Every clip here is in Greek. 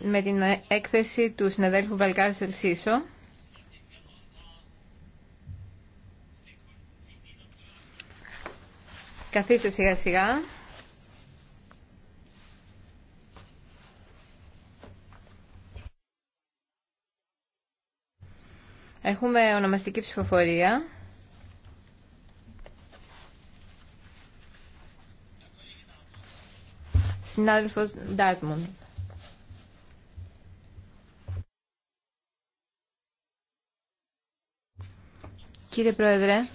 με την έκθεση του συναδέλφου Βαλκάρ Σελσίσο Καθίστε σιγά σιγά Έχουμε ονομαστική ψηφοφορία Συνάδελφος Ντάρτμοντ. Κύριε Πρόεδρε,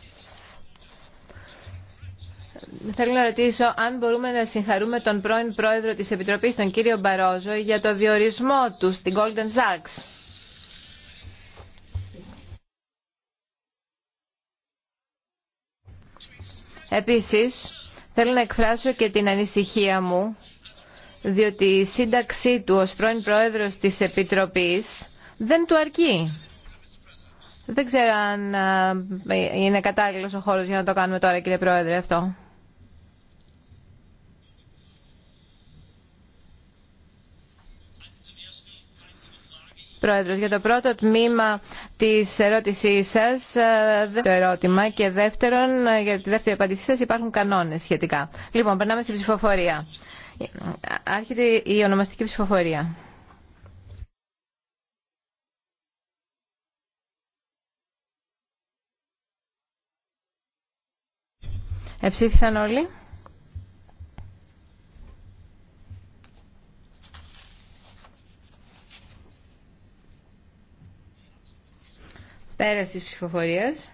θέλω να ρωτήσω αν μπορούμε να συγχαρούμε τον πρώην Πρόεδρο της Επιτροπής, τον κύριο Μπαρόζο, για το διορισμό του στην Golden Sachs. Επίσης, θέλω να εκφράσω και την ανησυχία μου, διότι η σύνταξή του ως πρώην Πρόεδρος της Επιτροπής δεν του αρκεί. Δεν ξέρω αν ε, είναι κατάλληλος ο χώρος για να το κάνουμε τώρα, κύριε Πρόεδρε, αυτό. Πρόεδρος, για το πρώτο τμήμα της ερώτησής σας, ε, το ερώτημα, και δεύτερον, ε, για τη δεύτερη απάντησή σας υπάρχουν κανόνες σχετικά. Λοιπόν, περνάμε στην ψηφοφορία. Άρχεται η ονομαστική ψηφοφορία. Εψήφισαν όλοι. Πέρας της ψηφοφορίας.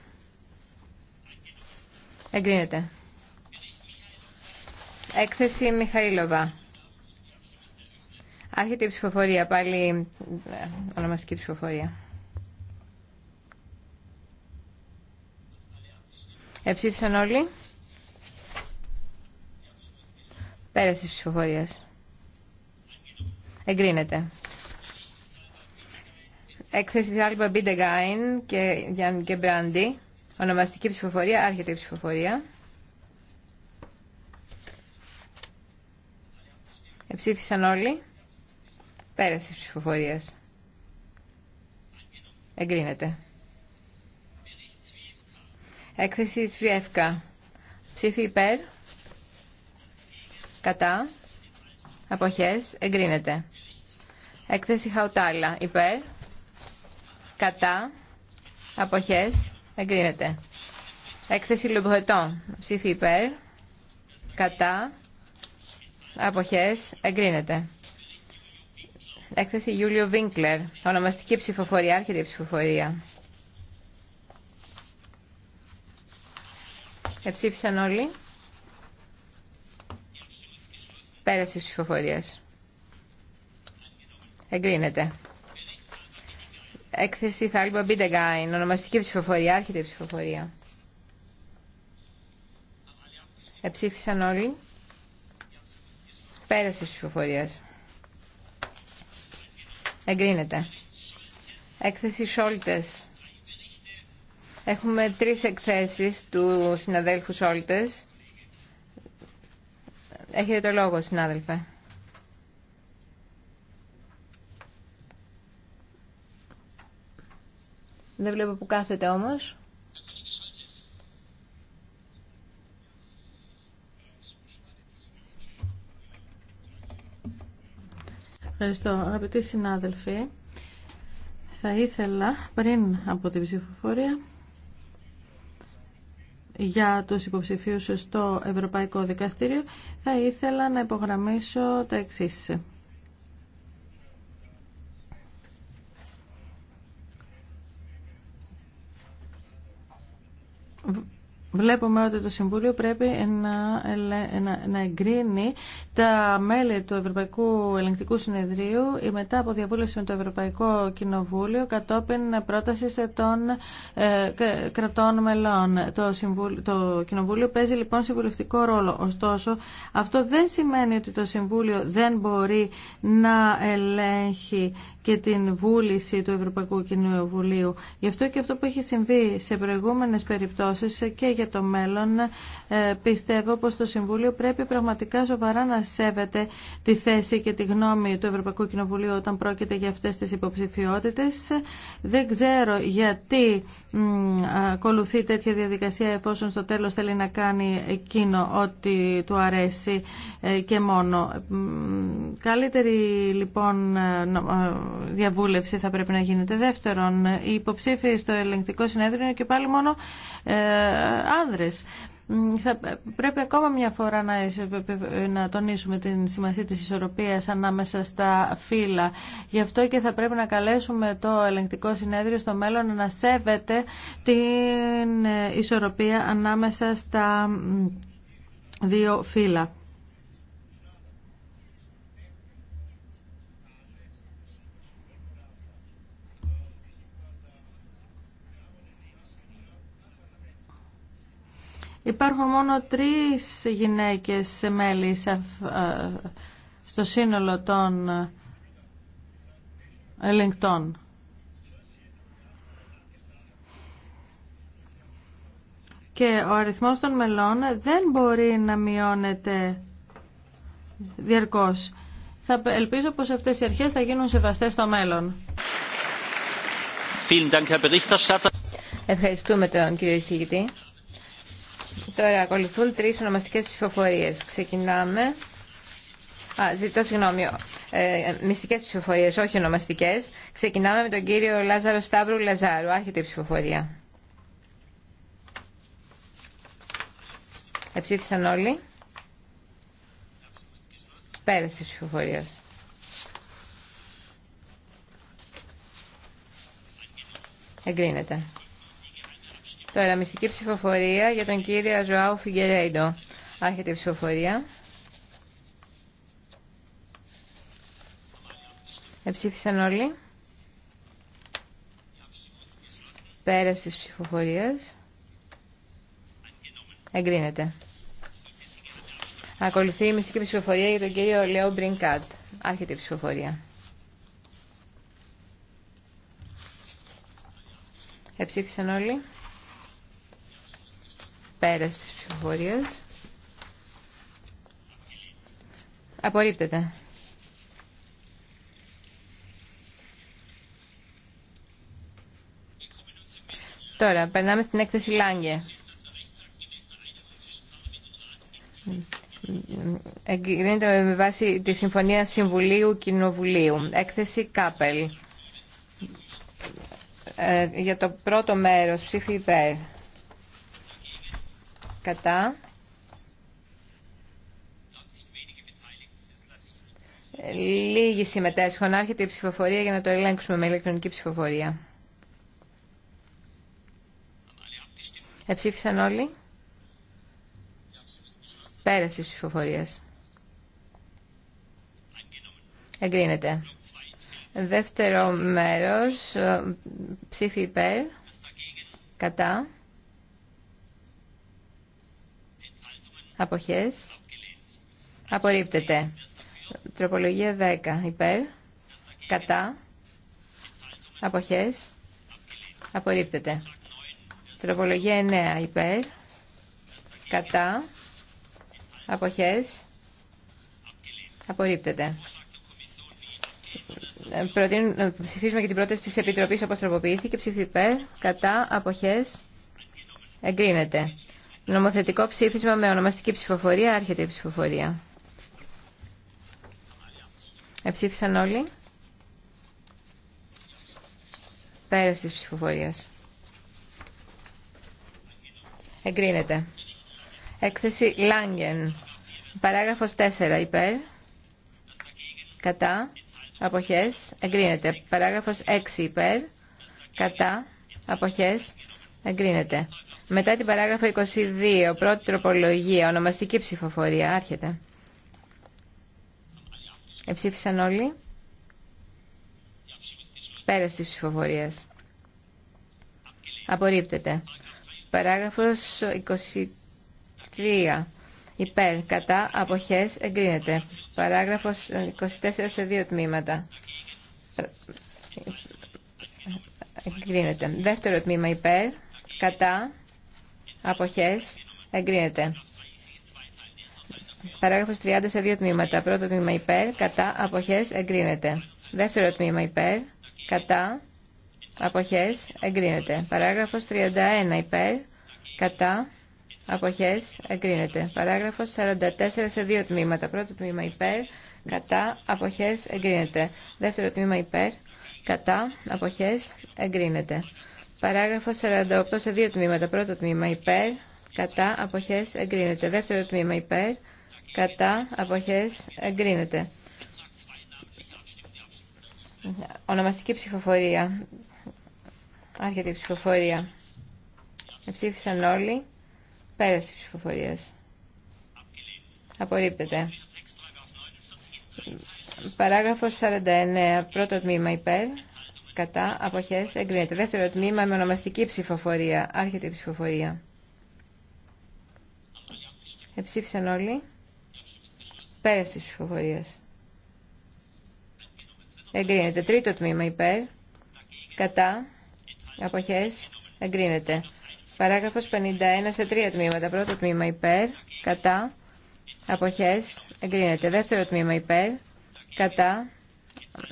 Εγκρίνεται. Έκθεση Μιχαήλοβα. Άρχεται η ψηφοφορία, πάλι ε, ονομαστική ψηφοφορία. Εψήφισαν όλοι. Πέραση ψηφοφορία. ψηφοφορίας. Εγκρίνεται. Έκθεση της Άλμπα Μπίντεγκάιν και Γιάννη Κεμπράντι. Ονομαστική ψηφοφορία. Άρχεται η ψηφοφορία. Εψήφισαν όλοι. Πέρασε τη ψηφοφορίας. Εγκρίνεται. Έκθεση της Βιέφκα. Ψήφι υπέρ κατά, αποχές, εγκρίνεται. Έκθεση Χαουτάλα, υπέρ, κατά, αποχές, εγκρίνεται. Έκθεση Λουμποχετό, ψήφι υπέρ, κατά, αποχές, εγκρίνεται. Έκθεση Γιούλιο Βίνκλερ, ονομαστική ψηφοφορία, άρχεται ψηφοφορία. Εψήφισαν όλοι. Πέραση της ψηφοφορίες. Εγκρίνεται. Έκθεση θα λοιπόν Μπίντεγκάιν, ονομαστική ψηφοφορία, άρχεται η ψηφοφορία. Εψήφισαν όλοι. Πέραση της ψηφοφορίες. Εγκρίνεται. Έκθεση Σόλτες. Έχουμε τρεις εκθέσεις του συναδέλφου Σόλτες. Έχετε το λόγο, συνάδελφε. Δεν βλέπω που κάθεται όμως. Ευχαριστώ. Αγαπητοί συνάδελφοι, θα ήθελα πριν από την ψηφοφορία για τους υποψηφίους στο Ευρωπαϊκό Δικαστήριο, θα ήθελα να υπογραμμίσω τα εξής. Βλέπουμε ότι το Συμβούλιο πρέπει να, να, να εγκρίνει τα μέλη του Ευρωπαϊκού Ελεγκτικού Συνεδρίου μετά από διαβούλευση με το Ευρωπαϊκό Κοινοβούλιο κατόπιν πρότασης των ε, κρατών μελών. Το, Συμβούλιο, το Κοινοβούλιο παίζει λοιπόν συμβουλευτικό ρόλο. Ωστόσο, αυτό δεν σημαίνει ότι το Συμβούλιο δεν μπορεί να ελέγχει και την βούληση του Ευρωπαϊκού Κοινοβουλίου. Γι' αυτό και αυτό που έχει συμβεί σε προηγούμενες περιπτώσεις και για το μέλλον, ε, πιστεύω πως το Συμβούλιο πρέπει πραγματικά σοβαρά να σέβεται τη θέση και τη γνώμη του Ευρωπαϊκού Κοινοβουλίου όταν πρόκειται για αυτές τις υποψηφιότητες. Δεν ξέρω γιατί ακολουθεί τέτοια διαδικασία εφόσον στο τέλος θέλει να κάνει εκείνο ό,τι του αρέσει ε, και μόνο. Καλύτερη λοιπόν ε, διαβούλευση θα πρέπει να γίνεται. Δεύτερον, οι υποψήφοι στο ελεγκτικό συνέδριο και πάλι μόνο άνδρες. Θα πρέπει ακόμα μια φορά να, να τονίσουμε την σημασία της ισορροπίας ανάμεσα στα φύλλα. Γι' αυτό και θα πρέπει να καλέσουμε το ελεγκτικό συνέδριο στο μέλλον να σέβεται την ισορροπία ανάμεσα στα δύο φύλλα. Υπάρχουν μόνο τρεις γυναίκες μέλη ε, στο σύνολο των ε, ελεγκτών. Και ο αριθμός των μελών δεν μπορεί να μειώνεται διαρκώς. Θα ελπίζω πως αυτές οι αρχές θα γίνουν σεβαστές στο μέλλον. Ευχαριστούμε τον κύριο εισηγητή. Τώρα ακολουθούν τρεις ονομαστικές ψηφοφορίες. Ξεκινάμε. Α, ζητώ συγγνώμη. Ε, μυστικές ψηφοφορίες, όχι ονομαστικές. Ξεκινάμε με τον κύριο Λάζαρο Σταύρου Λαζάρου. Άρχεται η ψηφοφορία. Εψήφισαν όλοι. Πέρασε η ψηφοφορία. Εγκρίνεται. Τώρα, μυστική ψηφοφορία για τον κύριο Ζωάου Φιγκερέιντο. Άρχεται η ψηφοφορία. Εψήφισαν όλοι. Πέρασε τη ψηφοφορία. Εγκρίνεται. Ακολουθεί η μυστική ψηφοφορία για τον κύριο Λεό Μπρινκάτ. Άρχεται η ψηφοφορία. Εψήφισαν όλοι. Πέρας της ψηφοφορίας. Απορρίπτεται. Τώρα, περνάμε στην έκθεση Λάγκε. Εγκρίνεται με βάση τη Συμφωνία Συμβουλίου Κοινοβουλίου. Έκθεση Κάπελ. Ε, για το πρώτο μέρος, ψήφι υπέρ. Κατά. Λίγοι συμμετέσχουν. Άρχεται η ψηφοφορία για να το ελέγξουμε με ηλεκτρονική ψηφοφορία. Εψήφισαν όλοι. Πέρασε η ψηφοφορία. Εγκρίνεται. Δεύτερο μέρος, ψήφι υπέρ, κατά. Αποχές. Απορρίπτεται. Τροπολογία 10. Υπέρ. Κατά. Αποχές. Απορρίπτεται. Τροπολογία 9. Υπέρ. Κατά. Αποχές. Απορρίπτεται. να ε, ψηφίσουμε και την πρόταση της Επιτροπής όπως τροποποιήθηκε. Ψήφι υπέρ. Κατά. Αποχές. Εγκρίνεται. Νομοθετικό ψήφισμα με ονομαστική ψηφοφορία. Άρχεται η ψηφοφορία. Εψήφισαν όλοι. Πέραση της ψηφοφορίας. Εγκρίνεται. Έκθεση Λάγγεν. Παράγραφος 4 υπέρ. Κατά. Αποχές. Εγκρίνεται. Παράγραφος 6 υπέρ. Κατά. Αποχές. Εγκρίνεται. Μετά την παράγραφο 22, πρώτη τροπολογία, ονομαστική ψηφοφορία, άρχεται. Εψήφισαν όλοι. Πέρας της ψηφοφορία. Απορρίπτεται. Παράγραφος 23. Υπέρ, κατά, αποχές, εγκρίνεται. Παράγραφος 24 σε δύο τμήματα. Εγκρίνεται. Δεύτερο τμήμα υπέρ, κατά, Αποχές. Εγκρίνεται. Παράγραφος 30 σε δύο τμήματα. Πρώτο τμήμα υπέρ, κατά, αποχές, εγκρίνεται. Δεύτερο τμήμα υπέρ, κατά, αποχές, εγκρίνεται. Παράγραφος 31 υπέρ, κατά, αποχές, εγκρίνεται. Παράγραφος 44 σε δύο τμήματα. Πρώτο τμήμα υπέρ, κατά, αποχές, εγκρίνεται. Δεύτερο τμήμα υπέρ, κατά, αποχές, εγκρίνεται. Παράγραφο 48 σε δύο τμήματα. Πρώτο τμήμα υπέρ, κατά, αποχές, εγκρίνεται. Δεύτερο τμήμα υπέρ, κατά, αποχές, εγκρίνεται. Ονομαστική ψηφοφορία. Άρχεται η ψηφοφορία. Εψήφισαν όλοι. Πέρασε τη ψηφοφορία. Απορρίπτεται. Παράγραφος 49. Πρώτο τμήμα υπέρ κατά αποχές εγκρίνεται. Δεύτερο τμήμα με ονομαστική ψηφοφορία. Άρχεται η ψηφοφορία. Εψήφισαν όλοι. Πέρασε τη ψηφοφορία. Εγκρίνεται. Τρίτο τμήμα υπέρ. Κατά. Αποχές. Εγκρίνεται. Παράγραφος 51 σε τρία τμήματα. Πρώτο τμήμα υπέρ. Κατά. Αποχές. Εγκρίνεται. Δεύτερο τμήμα υπέρ. Κατά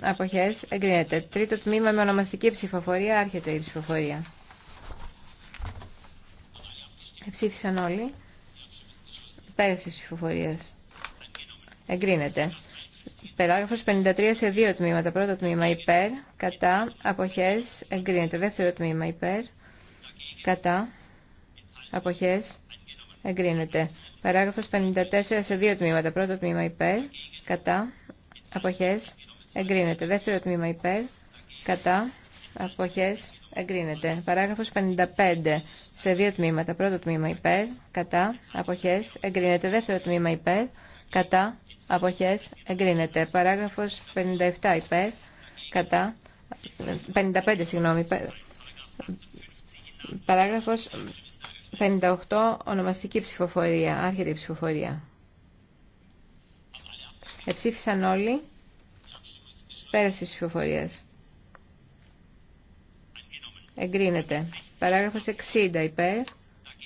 αποχές εγκρίνεται. Τρίτο τμήμα με ονομαστική ψηφοφορία άρχεται η ψηφοφορία. Ψήφισαν όλοι. Πέρασε τη ψηφοφορία. Εγκρίνεται. Περάγραφος 53 σε δύο τμήματα. Πρώτο τμήμα υπέρ, κατά, αποχές, εγκρίνεται. Δεύτερο τμήμα υπέρ, κατά, αποχές, εγκρίνεται. Παράγραφος 54 σε δύο τμήματα. Πρώτο τμήμα υπέρ, κατά, αποχές, εγκρίνεται. Δεύτερο τμήμα υπέρ, κατά, αποχές, εγκρίνεται. Παράγραφος 55, σε δύο τμήματα. Πρώτο τμήμα υπέρ, κατά, αποχές, εγκρίνεται. Δεύτερο τμήμα υπέρ, κατά, αποχές, εγκρίνεται. Παράγραφος 57 υπέρ, κατά, 55 συγγνώμη, Παράγραφος 58, ονομαστική ψηφοφορία, άρχεται η ψηφοφορία. Εψήφισαν όλοι. Πέραση της ψηφοφορίας. Εγκρίνεται. Παράγραφος 60 υπέρ.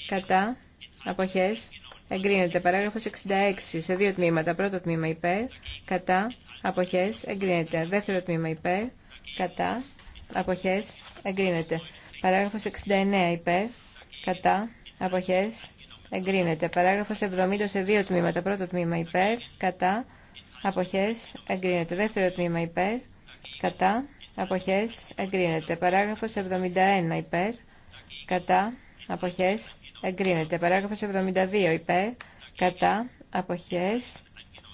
Κατά. Αποχές. Εγκρίνεται. Παράγραφος 66 σε δύο τμήματα. Πρώτο τμήμα υπέρ. Κατά. Αποχές. Εγκρίνεται. Δεύτερο τμήμα υπέρ. Κατά. Αποχές. Εγκρίνεται. Παράγραφος 69 υπέρ. Κατά. Αποχές. Εγκρίνεται. Παράγραφος 70 σε δύο τμήματα. Πρώτο τμήμα υπέρ. Κατά αποχές εγκρίνεται. Δεύτερο τμήμα υπέρ, κατά, αποχές εγκρίνεται. Παράγραφος 71 υπέρ, κατά, αποχές εγκρίνεται. Παράγραφος 72 υπέρ, κατά, αποχές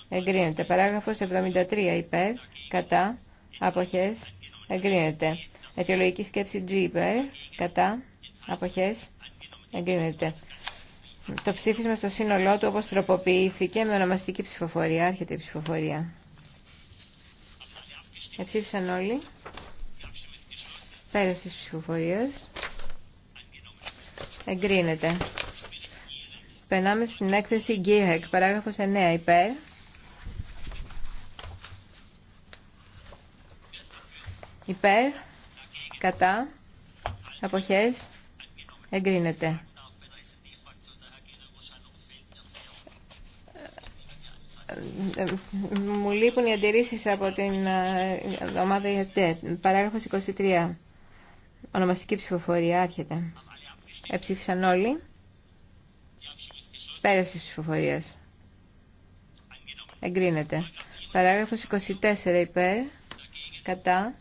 εγκρίνεται. Παράγραφος 73 υπέρ, κατά, αποχές εγκρίνεται. Αιτιολογική σκέψη G υπέρ, κατά, αποχές εγκρίνεται το ψήφισμα στο σύνολό του όπως τροποποιήθηκε με ονομαστική ψηφοφορία. Άρχεται η ψηφοφορία. Εψήφισαν όλοι. Πέρασε της ψηφοφορία. Εγκρίνεται. Περνάμε στην έκθεση Γκίχεκ, παράγραφος 9, υπέρ. Υπέρ, κατά, αποχές, εγκρίνεται. μου λείπουν οι αντιρρήσεις από την ε, ε, ομάδα ΙΑΤΕ. Παράγραφος 23. Ονομαστική ψηφοφορία. Άρχεται. Εψήφισαν όλοι. Πέραση τη ψηφοφορίας. Εγκρίνεται. Παράγραφος 24 υπέρ. Κατά.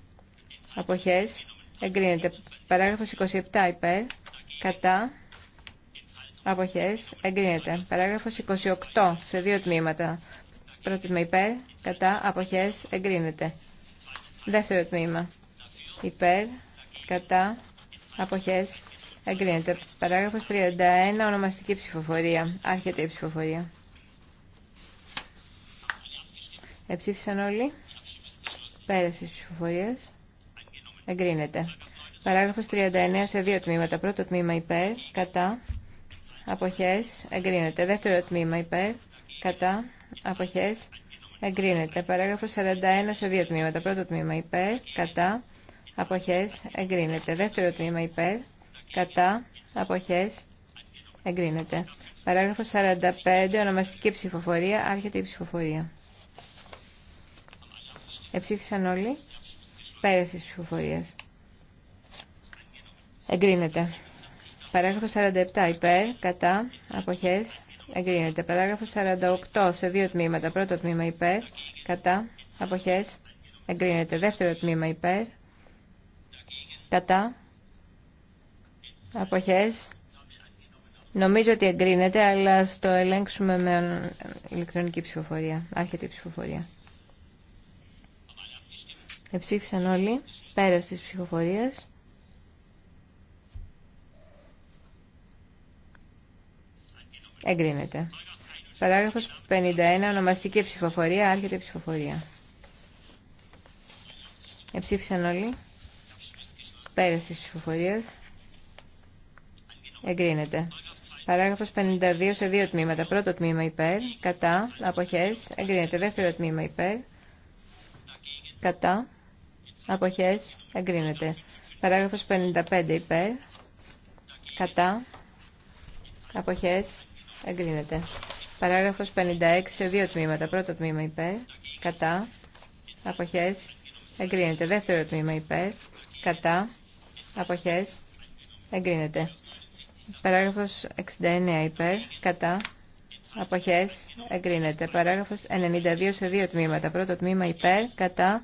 Αποχές. Εγκρίνεται. Παράγραφος 27 υπέρ. Κατά. Αποχές. Εγκρίνεται. Παράγραφος 28 σε δύο τμήματα. Πρώτο τμήμα υπέρ. Κατά. Αποχές. Εγκρίνεται. Δεύτερο τμήμα. Υπέρ. Κατά. Αποχές. Εγκρίνεται. Παράγραφος 31. Ονομαστική ψηφοφορία. Άρχεται η ψηφοφορία. Εψήφισαν όλοι. Πέρασε τις ψηφοφορία. Εγκρίνεται. Παράγραφος 39 σε δύο τμήματα. Πρώτο τμήμα υπέρ. Κατά αποχές εγκρίνεται. Δεύτερο τμήμα υπέρ, κατά, αποχές εγκρίνεται. Παράγραφος 41 σε δύο τμήματα. Πρώτο τμήμα υπέρ, κατά, αποχές εγκρίνεται. Δεύτερο τμήμα υπέρ, κατά, αποχές εγκρίνεται. Παράγραφο 45, ονομαστική ψηφοφορία, άρχεται η ψηφοφορία. Εψήφισαν όλοι. Πέραση της ψηφοφορίας. Εγκρίνεται. Παράγραφος 47 υπέρ, κατά, αποχές, εγκρίνεται. Παράγραφος 48 σε δύο τμήματα. Πρώτο τμήμα υπέρ, κατά, αποχές, εγκρίνεται. Δεύτερο τμήμα υπέρ, κατά, αποχές, Νομίζω ότι εγκρίνεται, αλλά στο ελέγξουμε με ηλεκτρονική ψηφοφορία. Άρχεται η ψηφοφορία. Εψήφισαν όλοι, πέρας της ψηφοφορίας. Εγκρίνεται. Παράγραφος 51. Ονομαστική ψηφοφορία. Άρχεται η ψηφοφορία. Εψήφισαν όλοι. Πέρασε της ψηφοφορία; Εγκρίνεται. Παράγραφο 52 σε δύο τμήματα. Πρώτο τμήμα υπέρ, κατά, αποχές, εγκρίνεται. Δεύτερο τμήμα υπέρ, κατά, αποχές, εγκρίνεται. Παράγραφο 55 υπέρ, κατά, αποχές, Εγκρίνεται. Παράγραφος 56 σε δύο τμήματα. Πρώτο τμήμα υπέρ, κατά, αποχέ. εγκρίνεται. Δεύτερο τμήμα υπέρ, κατά, αποχέ. εγκρίνεται. Παράγραφος 69 υπέρ, κατά, Αποχέ. εγκρίνεται. Παράγραφος 92 σε δύο τμήματα. Πρώτο τμήμα υπέρ, κατά,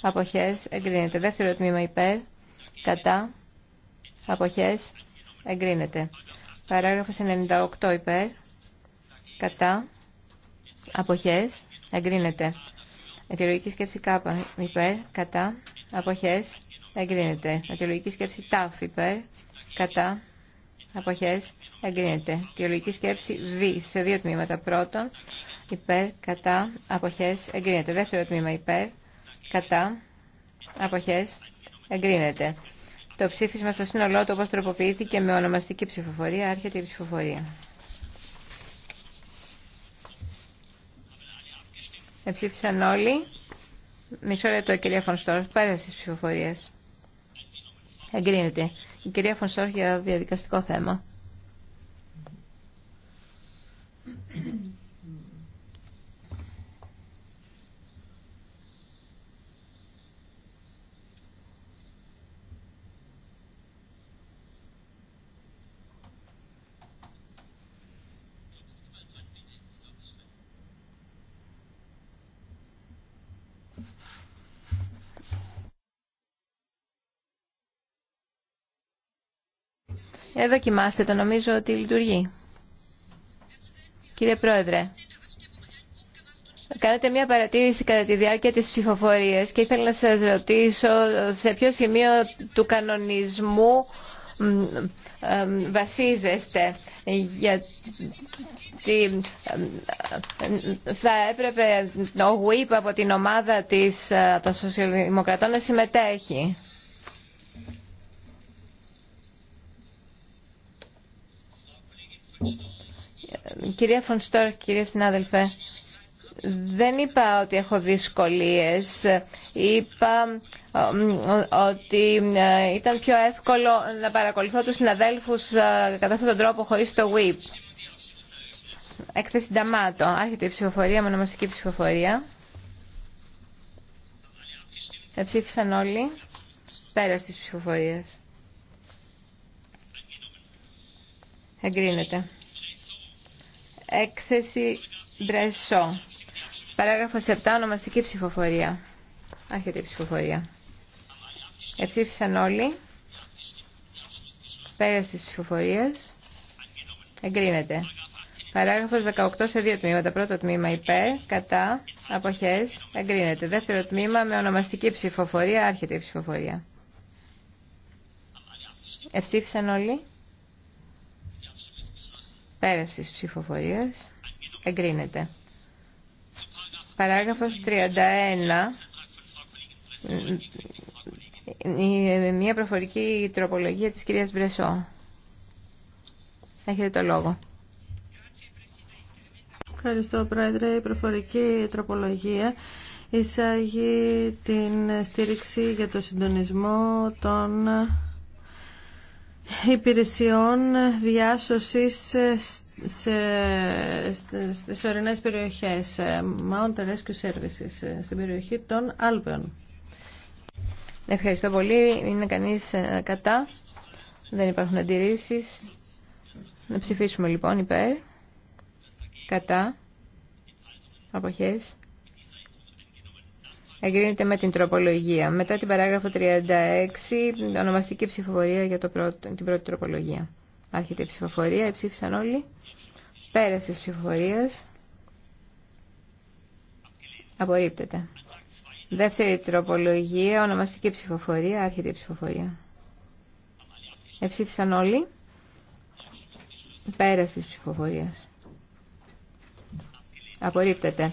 Αποχέ. εγκρίνεται. Δεύτερο τμήμα υπέρ, κατά, αποχέ. εγκρίνεται. Παράγραφο 98 υπέρ, κατά, αποχές, εγκρίνεται. Αιτιολογική σκέψη κάπα υπέρ, κατά, αποχές, εγκρίνεται. Αιτιολογική σκέψη τάφ υπέρ, κατά, αποχές, εγκρίνεται. Αιτιολογική σκέψη β σε δύο τμήματα. Πρώτον, υπέρ, κατά, αποχές, εγκρίνεται. Δεύτερο τμήμα υπέρ, κατά, αποχές, εγκρίνεται. Το ψήφισμα στο σύνολό του όπως τροποποιήθηκε με ονομαστική ψηφοφορία άρχεται η ψηφοφορία. Εψήφισαν όλοι. Μισό λεπτό, κυρία Φωνστόρφ. πέρα τη ψηφοφορία. Εγκρίνεται. Η κυρία Φωνστόρφ για διαδικαστικό θέμα. Ε, δοκιμάστε το, νομίζω ότι λειτουργεί. Κύριε Πρόεδρε, κάνετε μια παρατήρηση κατά τη διάρκεια της ψηφοφορίας και ήθελα να σας ρωτήσω σε ποιο σημείο του κανονισμού βασίζεστε γιατί θα έπρεπε ο ΓΟΥΙΠ από την ομάδα της, ε, των Σοσιαλδημοκρατών να συμμετέχει. Κυρία Φωνστόρ, κύριε συνάδελφε, δεν είπα ότι έχω δυσκολίες. Είπα ε, ότι ε, ήταν πιο εύκολο να παρακολουθώ τους συναδέλφους ε, κατά αυτόν τον τρόπο χωρίς το WIP. Έκθεση Νταμάτο. Άρχεται η ψηφοφορία, μονομαστική ψηφοφορία. Τα ψήφισαν όλοι. Πέρα της ψηφοφορίας. Εγκρίνεται. Έκθεση Μπρεσό. Παράγραφος 7. Ονομαστική ψηφοφορία. Άρχεται η ψηφοφορία. Εψήφισαν όλοι. Πέρασε τη ψηφοφορία. Εγκρίνεται. Παράγραφος 18 σε δύο τμήματα. Πρώτο τμήμα υπέρ, κατά, αποχές, εγκρίνεται. Δεύτερο τμήμα με ονομαστική ψηφοφορία, άρχεται η ψηφοφορία. Εψήφισαν όλοι. Πέρας της ψηφοφορίας. Εγκρίνεται. Παράγραφος 31. Ε, μια προφορική τροπολογία της κυρίας Μπρεσό. Έχετε το λόγο. Ευχαριστώ, Πρόεδρε. Η προφορική τροπολογία εισάγει την στήριξη για το συντονισμό των υπηρεσιών διάσωσης σε, στις ορεινές περιοχές Mount Rescue Services ε, στην περιοχή των Άλπαιων. Ευχαριστώ πολύ. Είναι κανείς ε, κατά. Δεν υπάρχουν αντιρρήσεις. Να ψηφίσουμε λοιπόν υπέρ. Κατά. Αποχές εγκρίνεται με την τροπολογία. Μετά την παράγραφο 36, ονομαστική ψηφοφορία για το πρώτο, την πρώτη τροπολογία. Άρχεται η ψηφοφορία, ψήφισαν όλοι. Πέρασε της ψηφοφορίας. Απορρίπτεται. Δεύτερη τροπολογία, ονομαστική ψηφοφορία, άρχεται η ψηφοφορία. Εψήφισαν όλοι. Πέρασε της ψηφοφορίας. Απορρίπτεται.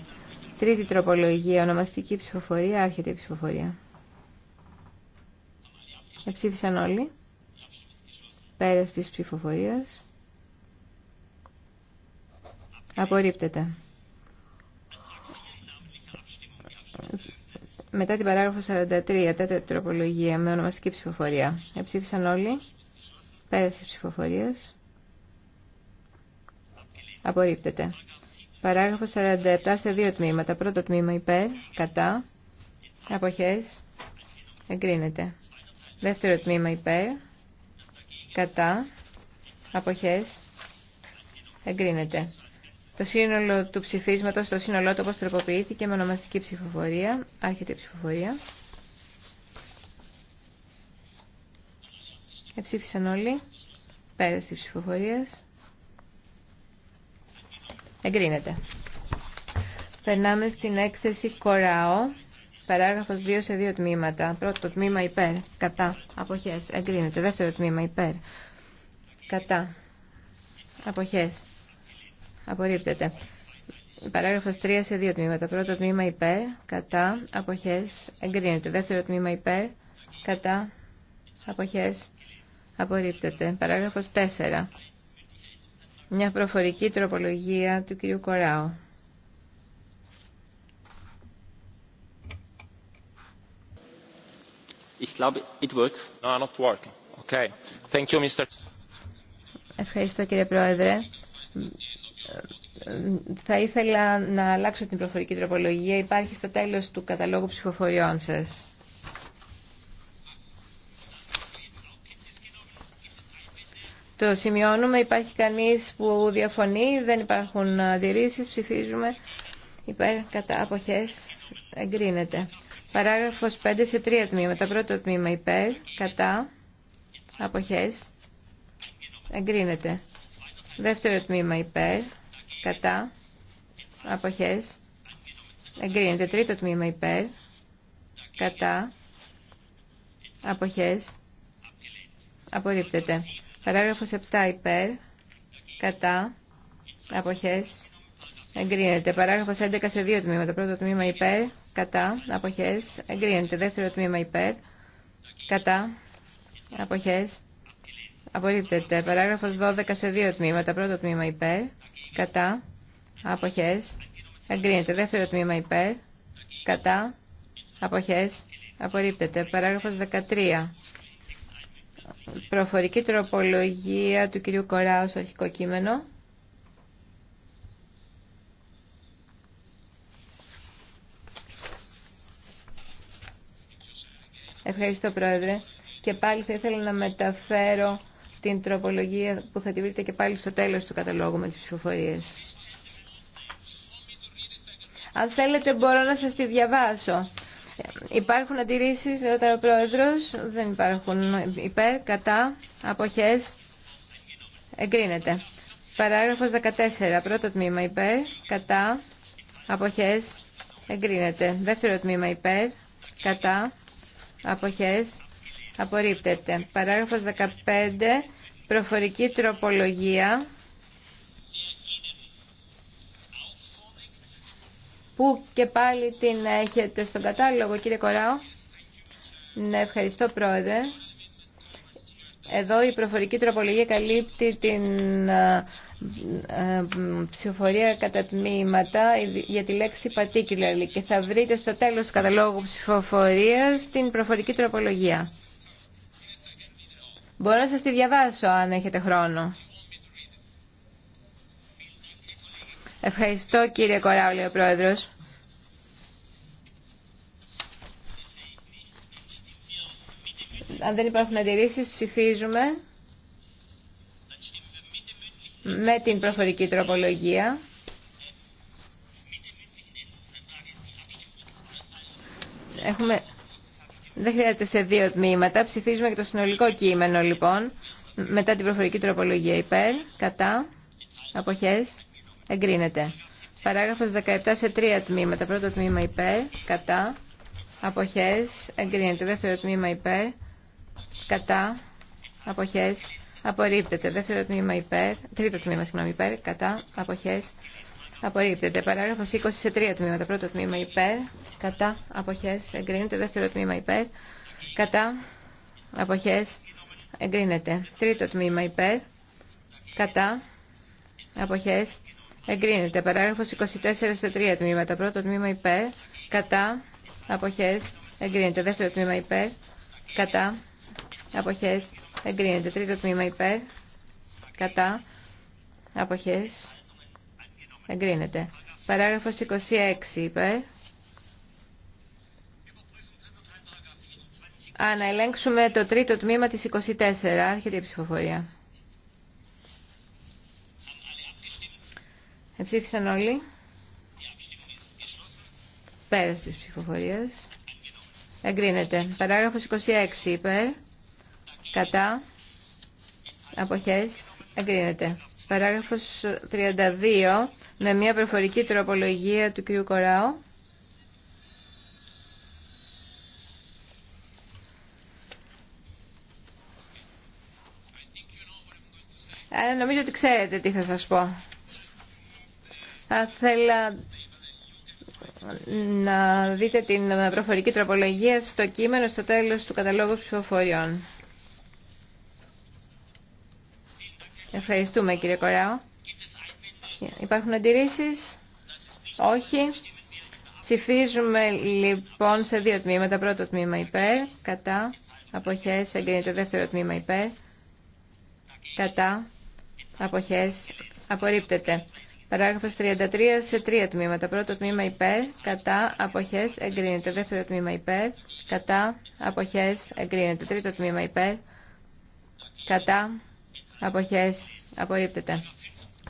Τρίτη τροπολογία, ονομαστική ψηφοφορία, άρχεται η ψηφοφορία. Εψήφισαν όλοι. Πέρας της ψηφοφορίας. Απορρίπτεται. Μετά την παράγραφο 43, τέταρτη τροπολογία, με ονομαστική ψηφοφορία. Εψήφισαν όλοι. Πέρας τη ψηφοφορίας. Απορρίπτεται. Παράγραφος 47 σε δύο τμήματα. Πρώτο τμήμα υπέρ, κατά, αποχές, εγκρίνεται. Δεύτερο τμήμα υπέρ, κατά, αποχές, εγκρίνεται. Το σύνολο του ψηφίσματος, το σύνολό του όπως τροποποιήθηκε με ονομαστική ψηφοφορία, άρχεται η ψηφοφορία. Εψήφισαν όλοι, πέρασε η ψηφοφορία. Εγκρίνεται. Περνάμε στην έκθεση Κοράο, παράγραφος 2 σε δύο τμήματα. Πρώτο τμήμα υπέρ, κατά, αποχές, εγκρίνεται. Δεύτερο τμήμα υπέρ, κατά, αποχές, απορρίπτεται. Παράγραφος 3 σε δύο τμήματα. Πρώτο τμήμα υπέρ, κατά, αποχές, εγκρίνεται. Δεύτερο τμήμα υπέρ, κατά, αποχές, απορρίπτεται. Παράγραφος 4 μια προφορική τροπολογία του κυρίου Κοράου. Ich glaube, it works. No, not working. Okay. Thank you, Mr. Ευχαριστώ κύριε Πρόεδρε. Θα ήθελα να αλλάξω την προφορική τροπολογία. Υπάρχει στο τέλος του καταλόγου ψηφοφοριών σας. Το σημειώνουμε. Υπάρχει κανείς που διαφωνεί. Δεν υπάρχουν αντιρρήσεις. Ψηφίζουμε. Υπέρ κατά αποχές. Εγκρίνεται. Παράγραφος 5 σε τρία τμήματα. Πρώτο τμήμα υπέρ κατά αποχές. Εγκρίνεται. Δεύτερο τμήμα υπέρ κατά αποχές. Εγκρίνεται. Τρίτο τμήμα υπέρ κατά αποχές. Απορρίπτεται. Παράγραφος 7 υπέρ, κατά, αποχές, εγκρίνεται. Παράγραφος 11 σε δύο τμήματα. Πρώτο τμήμα υπέρ, κατά, αποχές, εγκρίνεται. Δεύτερο τμήμα υπέρ, κατά, αποχές, απορρίπτεται. Παράγραφος 12 σε δύο τμήματα. Πρώτο τμήμα υπέρ, κατά, αποχές, εγκρίνεται. Δεύτερο τμήμα υπέρ, κατά, αποχές, απορρίπτεται. Παράγραφος 13 προφορική τροπολογία του κυρίου Κοράου στο αρχικό κείμενο. Ευχαριστώ Πρόεδρε. Και πάλι θα ήθελα να μεταφέρω την τροπολογία που θα τη βρείτε και πάλι στο τέλος του καταλόγου με τις ψηφοφορίες. Αν θέλετε μπορώ να σας τη διαβάσω. Υπάρχουν αντιρρήσεις, ρωτάει ο πρόεδρο, Δεν υπάρχουν υπέρ, κατά, απόχέ, Εγκρίνεται. Παράγραφος 14. Πρώτο τμήμα υπέρ, κατά, αποχέ. Εγκρίνεται. Δεύτερο τμήμα υπέρ, κατά, αποχέ. Απορρίπτεται. Παράγραφος 15. Προφορική τροπολογία. Πού και πάλι την έχετε στον κατάλογο, κύριε Κοράου. Ναι, ευχαριστώ, Πρόεδρε. Εδώ η προφορική τροπολογία καλύπτει την ε, ε, ψηφοφορία κατά τμήματα για τη λέξη particularly και θα βρείτε στο τέλος του καταλόγου ψηφοφορίας την προφορική τροπολογία. Μπορώ να σας τη διαβάσω αν έχετε χρόνο. Ευχαριστώ κύριε Κοράουλη, ο Πρόεδρος. Αν δεν υπάρχουν αντιρρήσεις, ψηφίζουμε με την προφορική τροπολογία. Έχουμε... Δεν χρειάζεται σε δύο τμήματα. Ψηφίζουμε και το συνολικό κείμενο, λοιπόν. Μετά την προφορική τροπολογία υπέρ, κατά, αποχές, εγκρίνεται. Παράγραφος 17 σε τρία τμήματα. Πρώτο τμήμα υπέρ, κατά, αποχές, εγκρίνεται. Δεύτερο τμήμα υπέρ, κατά, αποχές, απορρίπτεται. Δεύτερο τμήμα υπέρ, τρίτο τμήμα, συγγνώμη, υπέρ, κατά, αποχές, απορρίπτεται. Παράγραφος 20 σε τρία τμήματα. Πρώτο τμήμα υπέρ, κατά, αποχές, εγκρίνεται. Δεύτερο τμήμα υπέρ, κατά, απόχέ, εγκρίνεται. Τρίτο τμήμα υπέρ, κατά, απόχέ. Εγκρίνεται. Παράγραφος 24 σε τρία τμήματα. Πρώτο τμήμα υπέρ, κατά, απόχέ. εγκρίνεται. Δεύτερο τμήμα υπέρ, κατά, απόχέ. εγκρίνεται. Τρίτο τμήμα υπέρ, κατά, αποχέ. εγκρίνεται. Παράγραφο 26 υπέρ. Α, να το τρίτο τμήμα της 24. Άρχεται η ψηφοφορία. Εψήφισαν όλοι. Πέρας τη ψηφοφορία. Εγκρίνεται. Παράγραφος 26 υπέρ. Κατά. Αποχές. Εγκρίνεται. Παράγραφος 32 με μια προφορική τροπολογία του κ. Κοράου. Ε, νομίζω ότι ξέρετε τι θα σας πω. Θα ήθελα να δείτε την προφορική τροπολογία στο κείμενο στο τέλος του καταλόγου ψηφοφοριών. Ευχαριστούμε κύριε Κοράου. Υπάρχουν αντιρρήσεις? Όχι. Ψηφίζουμε λοιπόν σε δύο τμήματα. Πρώτο τμήμα υπέρ, κατά, αποχές, εγκρίνεται δεύτερο τμήμα υπέρ, κατά, αποχές, απορρίπτεται. Παράγραφος 33 σε τρία τμήματα. Πρώτο τμήμα υπέρ, κατά, αποχές, εγκρίνεται. Δεύτερο τμήμα υπέρ, κατά, αποχές, εγκρίνεται. Τρίτο τμήμα υπέρ, κατά, αποχές, απορρίπτεται.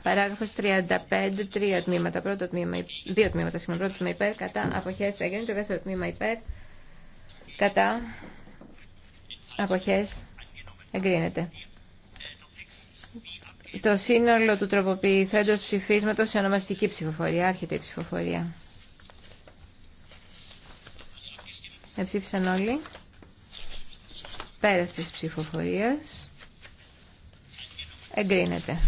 Παράγραφος 35, τρία τμήματα. Πρώτο τμήμα, δύο τμήματα, συγγνώμη. Πρώτο τμήμα υπέρ, κατά, αποχές, εγκρίνεται. Δεύτερο τμήμα υπέρ, κατά, αποχές, εγκρίνεται. Το σύνολο του τροποποιηθέντος ψηφίσματος σε ονομαστική ψηφοφορία. Άρχεται η ψηφοφορία. Εψήφισαν όλοι. Πέρασες της ψηφοφορίας. Εγκρίνεται.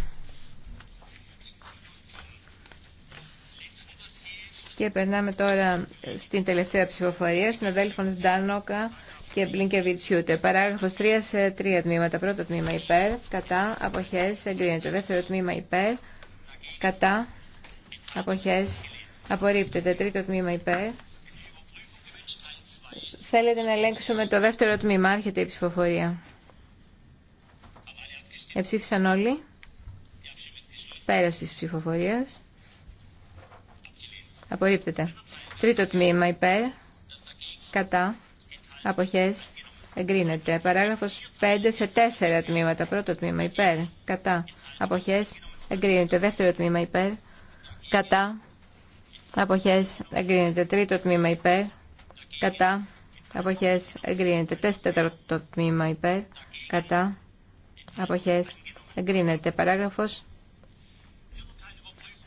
Και περνάμε τώρα στην τελευταία ψηφοφορία, συναδέλφων Σντάνοκα και Χιούτε. Παράγραφος 3 σε τρία τμήματα. Πρώτο τμήμα υπέρ, κατά, αποχές, εγκρίνεται. Δεύτερο τμήμα υπέρ, κατά, αποχές, απορρίπτεται. Τρίτο τμήμα υπέρ. Θέλετε να ελέγξουμε το δεύτερο τμήμα, άρχεται η ψηφοφορία. Εψήφισαν όλοι. Πέραση τη ψηφοφορία. Απορρίπτεται. Τρίτο τμήμα υπέρ, κατά, αποχές, εγκρίνεται. Παράγραφος 5 σε 4 τμήματα. Πρώτο τμήμα υπέρ, κατά, αποχές, εγκρίνεται. Δεύτερο τμήμα υπέρ, κατά, αποχές, εγκρίνεται. Τρίτο τμήμα υπέρ, κατά, αποχές, εγκρίνεται. Τέταρτο τμήμα υπέρ, κατά, αποχές, εγκρίνεται. Παράγραφος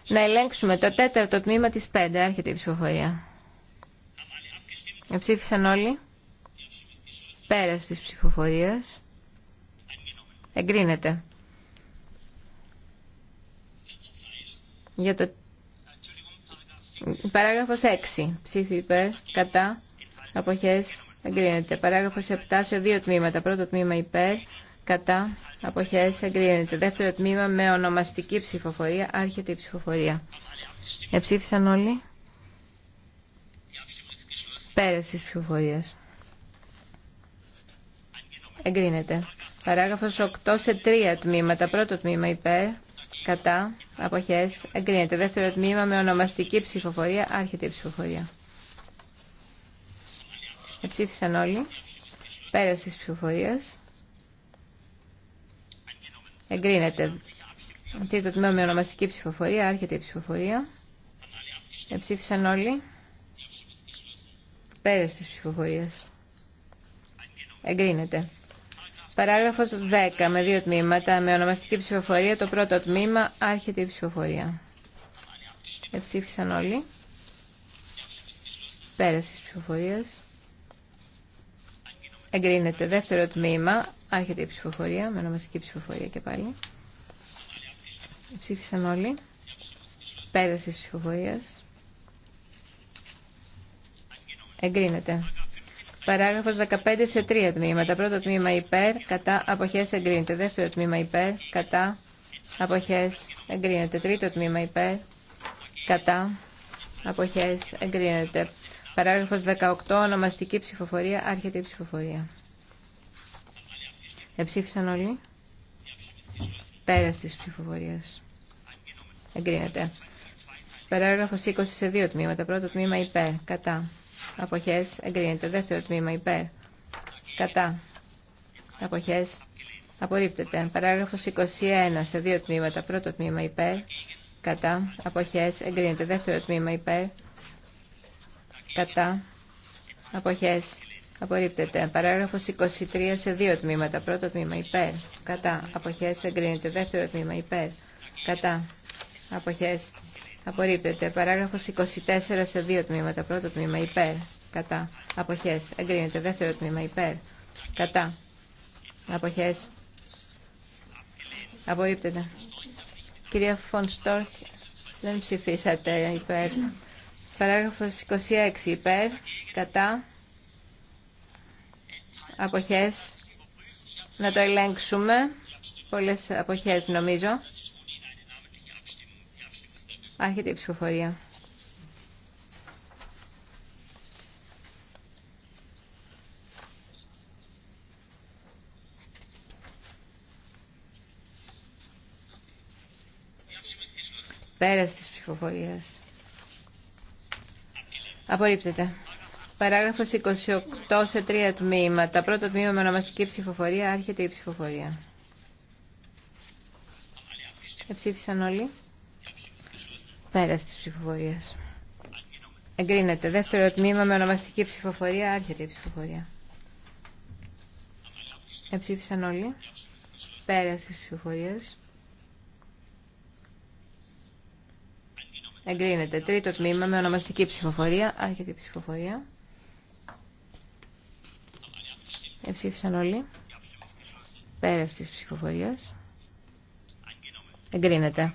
να ελέγξουμε το τέταρτο τμήμα της 5. Άρχεται η ψηφοφορία. Ψήφισαν όλοι. Πέρας της ψηφοφορίας. Εγκρίνεται. Για το... Παράγραφος 6. Ψήφι υπέρ, κατά, αποχές, εγκρίνεται. Παράγραφος 7 σε δύο τμήματα. Πρώτο τμήμα υπέρ, κατά αποχές εγκρίνεται. Δεύτερο τμήμα με ονομαστική ψηφοφορία. Άρχεται η ψηφοφορία. Εψήφισαν όλοι. Πέρας τη ψηφοφορία. Εγκρίνεται. Παράγραφο 8 σε 3 τμήματα. Πρώτο τμήμα υπέρ, κατά, αποχές, εγκρίνεται. Δεύτερο τμήμα με ονομαστική ψηφοφορία, άρχεται η ψηφοφορία. Εψήφισαν όλοι. Πέρας τη ψηφοφορία. Εγκρίνεται. Τρίτο τμήμα με ονομαστική ψηφοφορία. Άρχεται η ψηφοφορία. Εψήφισαν όλοι. Πέρας της ψηφοφορίας. Εγκρίνεται. Παράγραφος 10 με δύο τμήματα. Με ονομαστική ψηφοφορία το πρώτο τμήμα άρχεται η ψηφοφορία. Εψήφισαν όλοι. Πέρασε της ψηφοφορίας. Εγκρίνεται. Δεύτερο τμήμα Άρχεται η ψηφοφορία, με ονομαστική ψηφοφορία και πάλι. Ψήφισαν όλοι. Πέρασε τη ψηφοφορία. Εγκρίνεται. Παράγραφο 15 σε τρία τμήματα. Πρώτο τμήμα υπέρ, κατά, αποχέ εγκρίνεται. Δεύτερο τμήμα υπέρ, κατά, απόχέ, εγκρίνεται. Τρίτο τμήμα υπέρ, κατά, απόχέ, εγκρίνεται. Παράγραφο 18, ονομαστική ψηφοφορία, άρχεται η ψηφοφορία. Εψήφισαν όλοι. πέρα τη ψηφοφορία. Εγκρίνεται. Παράγραφο 20 σε δύο τμήματα. Πρώτο τμήμα υπέρ. Κατά. Αποχέ. Εγκρίνεται. Δεύτερο τμήμα υπέρ. Κατά. Αποχέ. Απορρίπτεται. Παράγραφο 21 σε δύο τμήματα. Πρώτο τμήμα υπέρ. Κατά. Αποχέ. Εγκρίνεται. Δεύτερο τμήμα υπέρ. Κατά. Αποχέ. Απορρίπτεται. Παράγραφος 23 σε δύο τμήματα. Πρώτο τμήμα υπέρ. Κατά. Αποχέ. εγκρίνεται. Δεύτερο τμήμα υπέρ. Κατά. Αποχέ. Απορρίπτεται. Παράγραφος 24 σε δύο τμήματα. Πρώτο τμήμα υπέρ. Κατά. Αποχέ. Εγκρίνεται. Δεύτερο τμήμα υπέρ. Κατά. Αποχέ. Απορρίπτεται. Κυρία Φων Στόρκ, δεν ψηφίσατε υπέρ. Παράγραφος 26 υπέρ. Κατά αποχές να το ελέγξουμε. Πολλές αποχές νομίζω. Άρχεται η ψηφοφορία. Πέρας της ψηφοφορίας. Απορρίπτεται. Παράγραφος 28 σε τρία τμήματα. Πρώτο τμήμα με ονομαστική ψηφοφορία. Άρχεται η ψηφοφορία. Εψήφισαν όλοι. Πέρας τη ψηφοφορία. Εγκρίνεται. Δεύτερο τμήμα με ονομαστική ψηφοφορία. Άρχεται η ψηφοφορία. Εψήφισαν όλοι. Πέρας τη ψηφοφορία. Εγκρίνεται. Τρίτο τμήμα με ονομαστική ψηφοφορία. Άρχεται η ψηφοφορία. Εψήφισαν όλοι. Πέρας της ψηφοφορίας. Εγκρίνεται.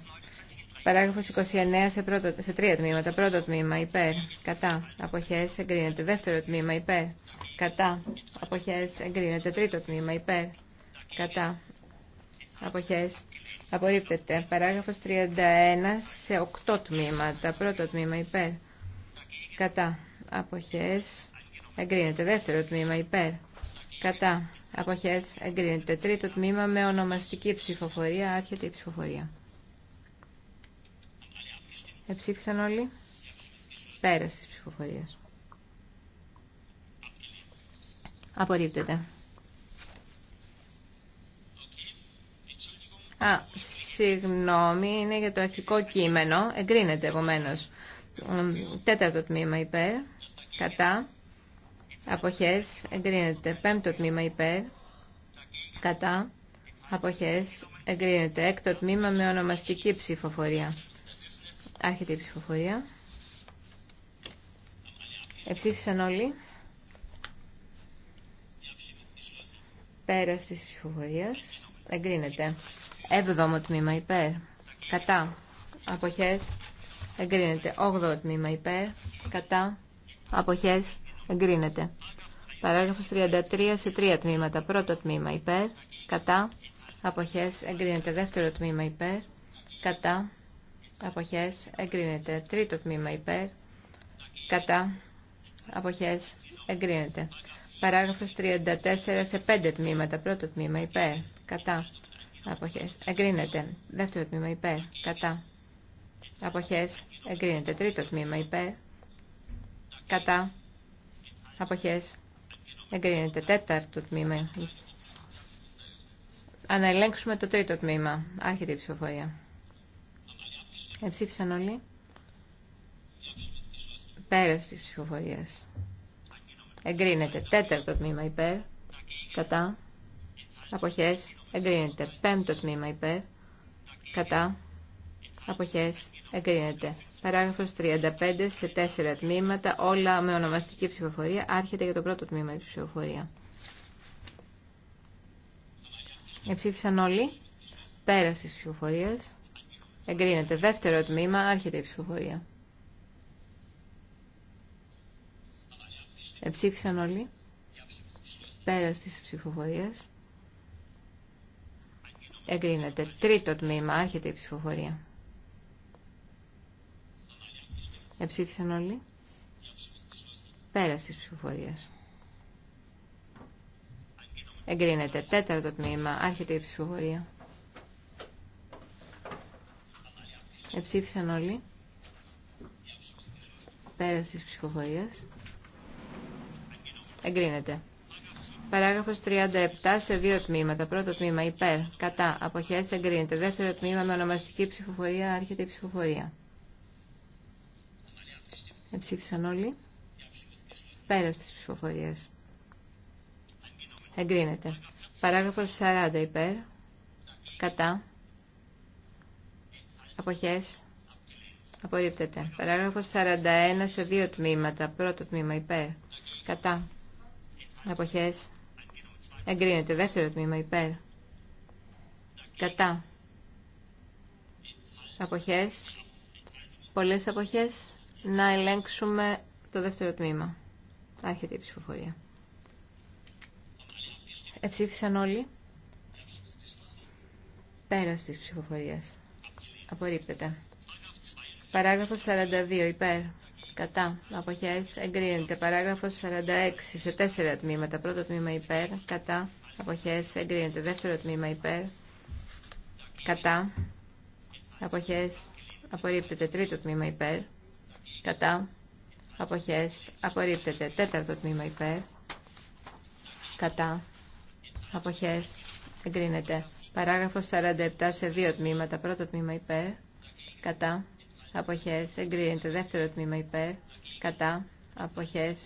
Παράγραφος 29 σε, πρώτο, σε τρία τμήματα. Πρώτο τμήμα υπέρ, κατά, αποχές, εγκρίνεται. Δεύτερο τμήμα υπέρ, κατά, αποχές, εγκρίνεται. Τρίτο τμήμα υπέρ, κατά, αποχές, απορρίπτεται. Παράγραφος 31 σε οκτώ τμήματα. Πρώτο τμήμα υπέρ, κατά, αποχές, εγκρίνεται. Δεύτερο τμήμα υπέρ, κατά αποχές εγκρίνεται. Τρίτο τμήμα με ονομαστική ψηφοφορία, άρχεται η ψηφοφορία. Εψήφισαν όλοι. Πέρασε τη ψηφοφορία. Απορρίπτεται. Α, συγγνώμη, είναι για το αρχικό κείμενο. Εγκρίνεται επομένω. Τέταρτο τμήμα υπέρ, κατά, Αποχές εγκρίνεται. Πέμπτο τμήμα υπέρ. Κατά. Αποχές εγκρίνεται. Έκτο τμήμα με ονομαστική ψηφοφορία. Άρχεται η ψηφοφορία. Εψήφισαν όλοι. Πέρας της ψηφοφορίας. Εγκρίνεται. Έβδομο τμήμα υπέρ. Κατά. Αποχές εγκρίνεται. Όγδοο τμήμα υπέρ. Κατά. Αποχές Εγκρίνεται. Παράγραφος 33 σε τρία τμήματα. Πρώτο τμήμα υπέρ, κατά, αποχές, εγκρίνεται. Δεύτερο τμήμα υπέρ, κατά, αποχές, εγκρίνεται. Τρίτο τμήμα υπέρ, κατά, αποχές, εγκρίνεται. Παράγραφος 34 σε πέντε τμήματα. Πρώτο τμήμα υπέρ, κατά, αποχές, εγκρίνεται. Δεύτερο τμήμα υπέρ, κατά, αποχές, εγκρίνεται. Τρίτο τμήμα υπέρ, κατά, Αποχές. Εγκρίνεται. Τέταρτο τμήμα. Αναελέγξουμε το τρίτο τμήμα. Άρχεται η ψηφοφορία. Εψήφισαν όλοι. Πέρας τη ψηφοφορία. Εγκρίνεται. Τέταρτο τμήμα υπέρ. Κατά. Αποχές. Εγκρίνεται. Πέμπτο τμήμα υπέρ. Κατά. Αποχές. Εγκρίνεται. Παράγραφος 35 σε τέσσερα τμήματα, όλα με ονομαστική ψηφοφορία. Άρχεται για το πρώτο τμήμα η ψηφοφορία. Εψήφισαν όλοι. Πέρας της ψηφοφορίας. Εγκρίνεται. Δεύτερο τμήμα, άρχεται η ψηφοφορία. Εψήφισαν όλοι. Πέρας της ψηφοφορίας. Εγκρίνεται. Τρίτο τμήμα, άρχεται η ψηφοφορία. Εψήφισαν όλοι. Πέρας της ψηφοφορία. Εγκρίνεται. Τέταρτο τμήμα. Άρχεται η ψηφοφορία. Εψήφισαν όλοι. Πέρας της ψηφοφορία. Εγκρίνεται. Παράγραφος 37 σε δύο τμήματα. Πρώτο τμήμα υπέρ, κατά, αποχές εγκρίνεται. Δεύτερο τμήμα με ονομαστική ψηφοφορία άρχεται η ψηφοφορία. Εψήφισαν όλοι. Πέρας της ψηφοφορίας. Εγκρίνεται. Παράγραφος 40 υπέρ. Κατά. Αποχές. Απορρίπτεται. Παράγραφος 41 σε δύο τμήματα. Πρώτο τμήμα υπέρ. Κατά. Αποχές. Εγκρίνεται. Δεύτερο τμήμα υπέρ. Κατά. Αποχές. Πολλές αποχές να ελέγξουμε το δεύτερο τμήμα. Άρχεται η ψηφοφορία. Εψήφισαν όλοι. πέρα τη ψηφοφορία. Απορρίπτεται. Παράγραφο 42. Υπέρ. Κατά. Αποχές. Εγκρίνεται. Παράγραφος 46. Σε τέσσερα τμήματα. Πρώτο τμήμα υπέρ. Κατά. Αποχές. Εγκρίνεται. Δεύτερο τμήμα υπέρ. Κατά. Αποχές. Απορρίπτεται. Τρίτο τμήμα υπέρ κατά, αποχές, απορρίπτεται. Τέταρτο τμήμα υπέρ, κατά, αποχές, εγκρίνεται. Παράγραφος 47 σε δύο τμήματα. Πρώτο τμήμα υπέρ, κατά, αποχές, εγκρίνεται. Δεύτερο τμήμα υπέρ, κατά, αποχές,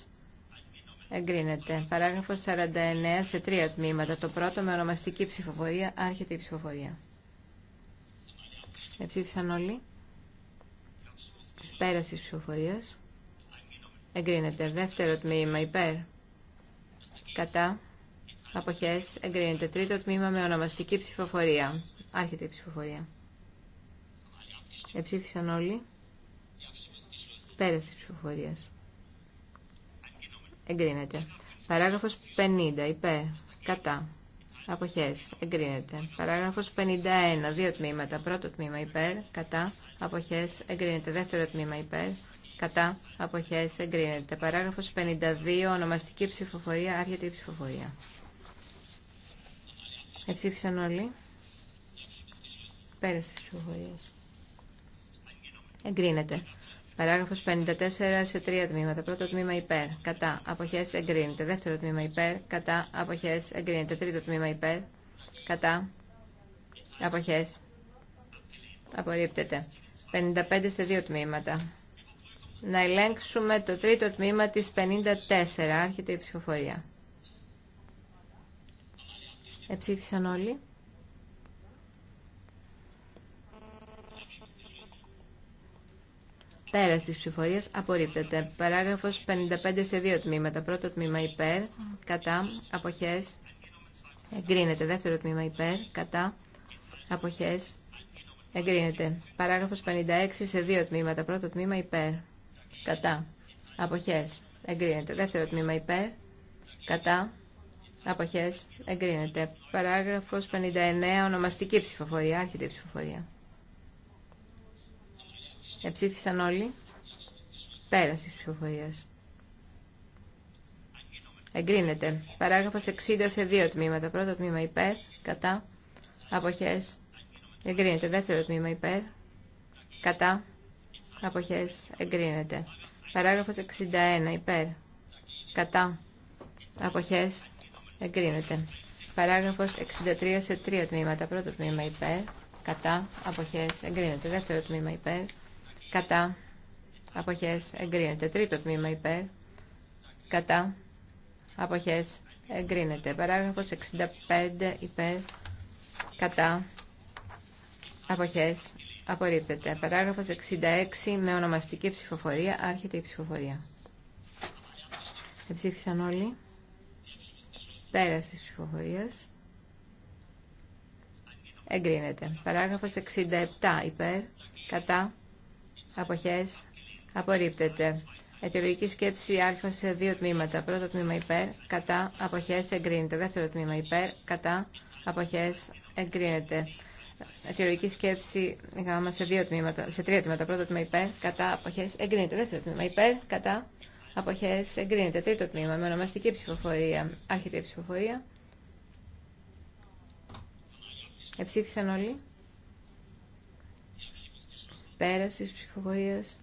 εγκρίνεται. Παράγραφος 49 σε τρία τμήματα. Το πρώτο με ονομαστική ψηφοφορία, άρχεται η ψηφοφορία. Εψήφισαν όλοι. Πέραση της ψηφοφορίας. Εγκρίνεται. Δεύτερο τμήμα υπέρ. Κατά. Αποχές. Εγκρίνεται. Τρίτο τμήμα με ονομαστική ψηφοφορία. Άρχεται η ψηφοφορία. Εψήφισαν όλοι. Πέραση ψηφοφορίας. Εγκρίνεται. Παράγραφος 50. Υπέρ. Κατά. Αποχές. Εγκρίνεται. Παράγραφος 51. Δύο τμήματα. Πρώτο τμήμα υπέρ. Κατά. Αποχές. Εγκρίνεται. Δεύτερο τμήμα υπέρ. Κατά. Αποχές. Εγκρίνεται. Παράγραφος 52. Ονομαστική ψηφοφορία. Άρχεται η ψηφοφορία. Εψήφισαν όλοι. Πέρασε τη ψηφοφορία. Εγκρίνεται. Παράγραφος 54 σε τρία τμήματα. Πρώτο τμήμα υπέρ, κατά, αποχές εγκρίνεται. Δεύτερο τμήμα υπέρ, κατά, αποχές εγκρίνεται. Τρίτο τμήμα υπέρ, κατά, αποχές απορρίπτεται. 55 σε δύο τμήματα. Να ελέγξουμε το τρίτο τμήμα της 54. Άρχεται η ψηφοφορία. Εψήφισαν όλοι. Πέρα τη ψηφορία απορρίπτεται. Παράγραφο 55 σε δύο τμήματα. Πρώτο τμήμα υπέρ, κατά, αποχέ. Εγκρίνεται. Δεύτερο τμήμα υπέρ, κατά, αποχέ. Εγκρίνεται. Παράγραφος 56 σε δύο τμήματα. Πρώτο τμήμα υπέρ. Κατά. Αποχέ. Εγκρίνεται. Δεύτερο τμήμα υπέρ. Κατά. Αποχέ, Εγκρίνεται. Παράγραφο 59 ονομαστική ψηφοφορία. Άρχεται η ψηφοφορία. Εψήφισαν όλοι. Πέραση τη ψηφοφορίας. Εγκρίνεται. Παράγραφος 60 σε δύο τμήματα. Πρώτο τμήμα υπέρ, κατά, αποχές. Εγκρίνεται. Δεύτερο τμήμα υπέρ, κατά, αποχές. Εγκρίνεται. Παράγραφος 61 υπέρ, κατά, αποχές. Εγκρίνεται. Παράγραφος 63 σε τρία τμήματα. Πρώτο τμήμα υπέρ, κατά, αποχές. Εγκρίνεται. Δεύτερο τμήμα υπέρ, κατά, αποχές, εγκρίνεται. Τρίτο τμήμα υπέρ, κατά, αποχές, εγκρίνεται. Παράγραφος 65 υπέρ, κατά, αποχές, απορρίπτεται. Παράγραφος 66 με ονομαστική ψηφοφορία, άρχεται η ψηφοφορία. Εψήφισαν όλοι. Πέρας της ψηφοφορίας. Εγκρίνεται. Παράγραφος 67 υπέρ, κατά, αποχές, απορρίπτεται. Αιτιολογική σκέψη α σε δύο τμήματα. Πρώτο τμήμα υπέρ, κατά, αποχές, εγκρίνεται. Δεύτερο τμήμα υπέρ, κατά, αποχές, εγκρίνεται. Αιτιολογική σκέψη γάμα σε δύο τμήματα, σε τρία τμήματα. Πρώτο τμήμα υπέρ, κατά, αποχές, εγκρίνεται. Δεύτερο τμήμα υπέρ, κατά, αποχές, εγκρίνεται. Τρίτο τμήμα με ονομαστική ψηφοφορία. Άρχεται η ψηφοφορία. Εψήφισαν όλοι. Πέραση της ψηφοφορίας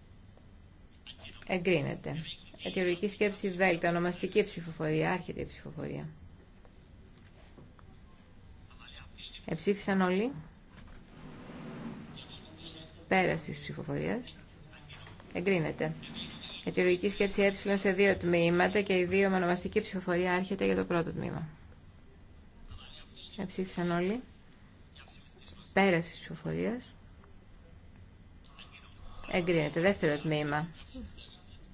εγκρίνεται. Αιτιολογική σκέψη Δέλτα, ονομαστική ψηφοφορία, άρχεται η ψηφοφορία. Εψήφισαν όλοι. Πέραση της ψηφοφορίας εγκρίνεται. Αιτιολογική σκέψη ε σε δύο τμήματα και η δύο με ονομαστική ψηφοφορία άρχεται για το πρώτο τμήμα. Εψήφισαν όλοι. Πέραση της ψηφοφορίας Εγκρίνεται. Δεύτερο τμήμα.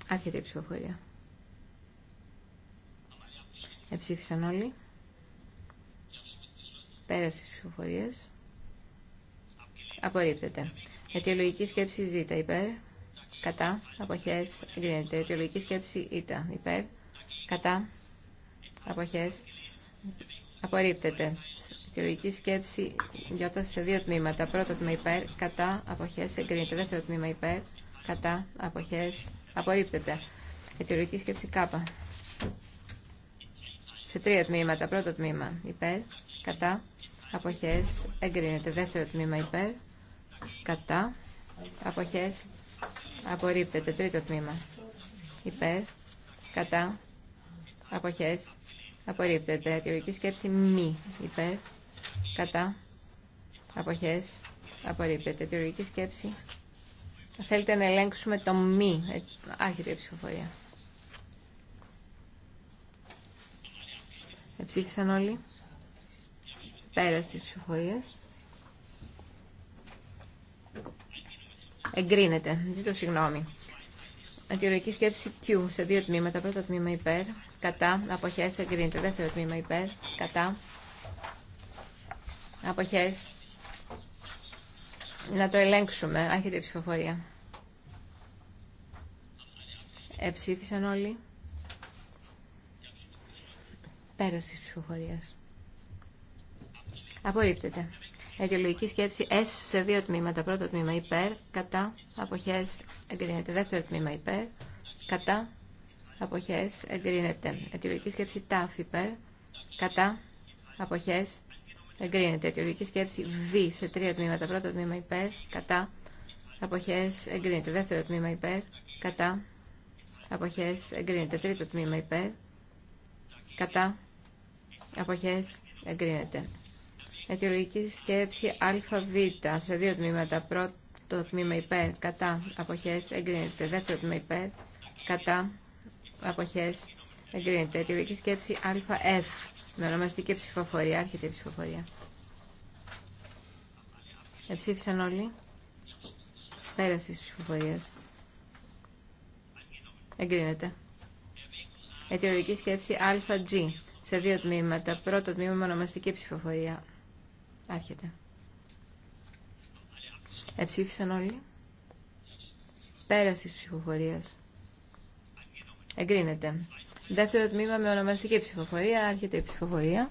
Άρχεται η ψηφοφορία. Εψήφισαν όλοι. Πέρασε τις ψηφοφορία. Απορρίπτεται. Αιτιολογική σκέψη Ζ υπέρ. Κατά. Αποχές. Εγκρίνεται. Αιτιολογική σκέψη Ι υπέρ. Κατά. Αποχέ. Απορρίπτεται. Αιτιολογική σκέψη Ι σε δύο τμήματα. Πρώτο τμήμα υπέρ, κατά, αποχές, εγκρίνεται. Δεύτερο τμήμα υπέρ, κατά, αποχές, απορρίπτεται. Αιτιολογική σκέψη κάπα. Σε τρία τμήματα. Πρώτο τμήμα υπέρ, κατά, αποχές, εγκρίνεται. Δεύτερο τμήμα υπέρ, κατά, αποχές, απορρίπτεται. Τρίτο τμήμα υπέρ, κατά, αποχές, απορρίπτεται. Αιτιολογική σκέψη μη υπέρ, κατά, αποχές, απορρίπτεται. αιτιολογική σκέψη. Θέλετε να ελέγξουμε το μη. Ε, άρχεται η ψηφοφορία. Εψήφισαν όλοι. Πέρασε τις ψηφοφορίες. Εγκρίνεται. Ζήτω συγγνώμη. Αιτιολογική σκέψη Q σε δύο τμήματα. Πρώτο τμήμα υπέρ. Κατά. Αποχές εγκρίνεται. Δεύτερο τμήμα υπέρ. Κατά. Αποχές. Να το ελέγξουμε. Άρχεται η ψηφοφορία. Εψήφισαν όλοι. Πέραση της ψηφοφορίας. Απορρίπτεται. Αιτιολογική σκέψη S σε δύο τμήματα. Πρώτο τμήμα υπέρ, κατά, αποχές, εγκρίνεται. Δεύτερο τμήμα υπέρ, κατά, αποχές, εγκρίνεται. Αιτιολογική σκέψη τάφ υπέρ, κατά, αποχές, εγκρίνεται. Αιτιολογική σκέψη Β σε τρία τμήματα. Πρώτο τμήμα υπέρ, κατά, αποχές, εγκρίνεται. Δεύτερο τμήμα υπέρ, κατά, αποχέ, εγκρίνεται. Τρίτο τμήμα υπέρ, κατά, αποχέ, εγκρίνεται. Αιτιολογική σκέψη ΑΒ σε δύο τμήματα. Πρώτο τμήμα υπέρ, κατά, αποχέ. εγκρίνεται. Δεύτερο τμήμα υπέρ, κατά, αποχές, Εγκρίνεται. Αιτιολογική σκέψη ΑΕΦ. Με ονομαστική ψηφοφορία. Άρχεται η ψηφοφορία. Εψήφισαν όλοι. Πέρασε τη ψηφοφορία. Εγκρίνεται. Αιτιολογική σκέψη ΑΓ. Σε δύο τμήματα. Πρώτο τμήμα με ονομαστική ψηφοφορία. Άρχεται. Εψήφισαν όλοι. Πέρασε τη ψηφοφορία. Εγκρίνεται. Δεύτερο τμήμα με ονομαστική ψηφοφορία. Άρχεται η ψηφοφορία.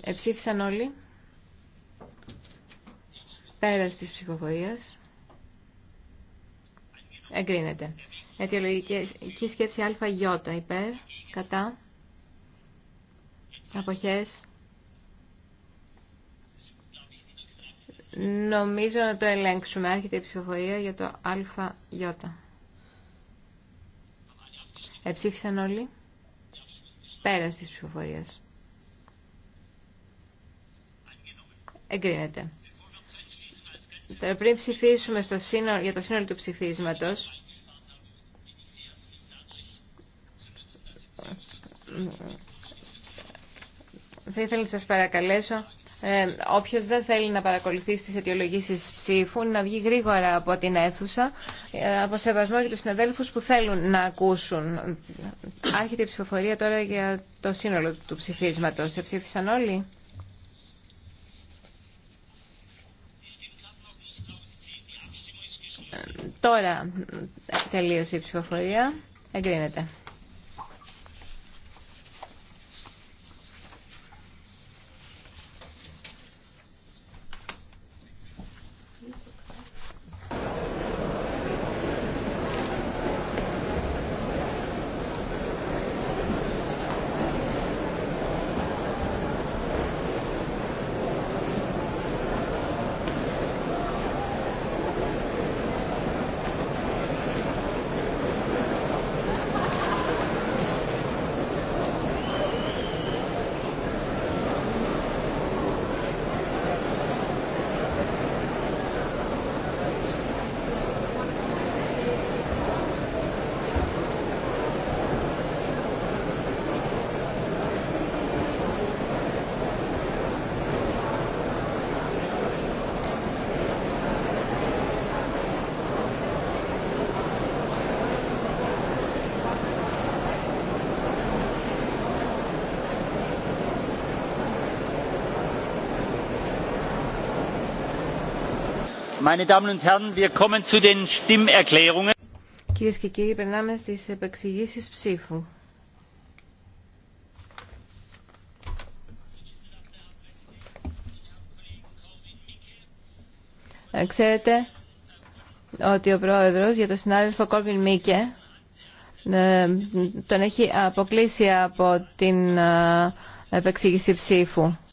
Εψήφισαν όλοι. Πέρας της ψηφοφορίας. Εγκρίνεται. Αιτιολογική σκέψη ΑΙ υπέρ, κατά, αποχές. Νομίζω να το ελέγξουμε. Άρχεται η ψηφοφορία για το ΑΙ. Εψήφισαν όλοι. Πέρας τη ψηφοφορία. Εγκρίνεται. Τώρα πριν ψηφίσουμε για το σύνολο του ψηφίσματος, θα ήθελα να σας παρακαλέσω ε, όποιος δεν θέλει να παρακολουθήσει τις αιτιολογήσει ψήφου, να βγει γρήγορα από την αίθουσα, ε, από σεβασμό για του συναδέλφους που θέλουν να ακούσουν. Άρχεται η ψηφοφορία τώρα για το σύνολο του ψηφίσματος. Σε ψήφισαν όλοι. Ε, τώρα τελείωσε η ψηφοφορία. Εγκρίνεται. Meine Damen und Herren, wir kommen zu den Stimmerklärungen. Κυρίες και κύριοι, περνάμε στι επεξηγήσει ψήφου. Ε, ξέρετε ότι ο πρόεδρο για τον συνάδελφο Κόλβιν Μίκε ε, τον έχει αποκλείσει από την ε, επεξήγηση ψήφου.